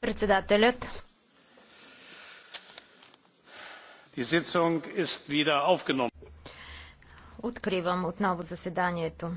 Председателят. Откривам отново заседанието.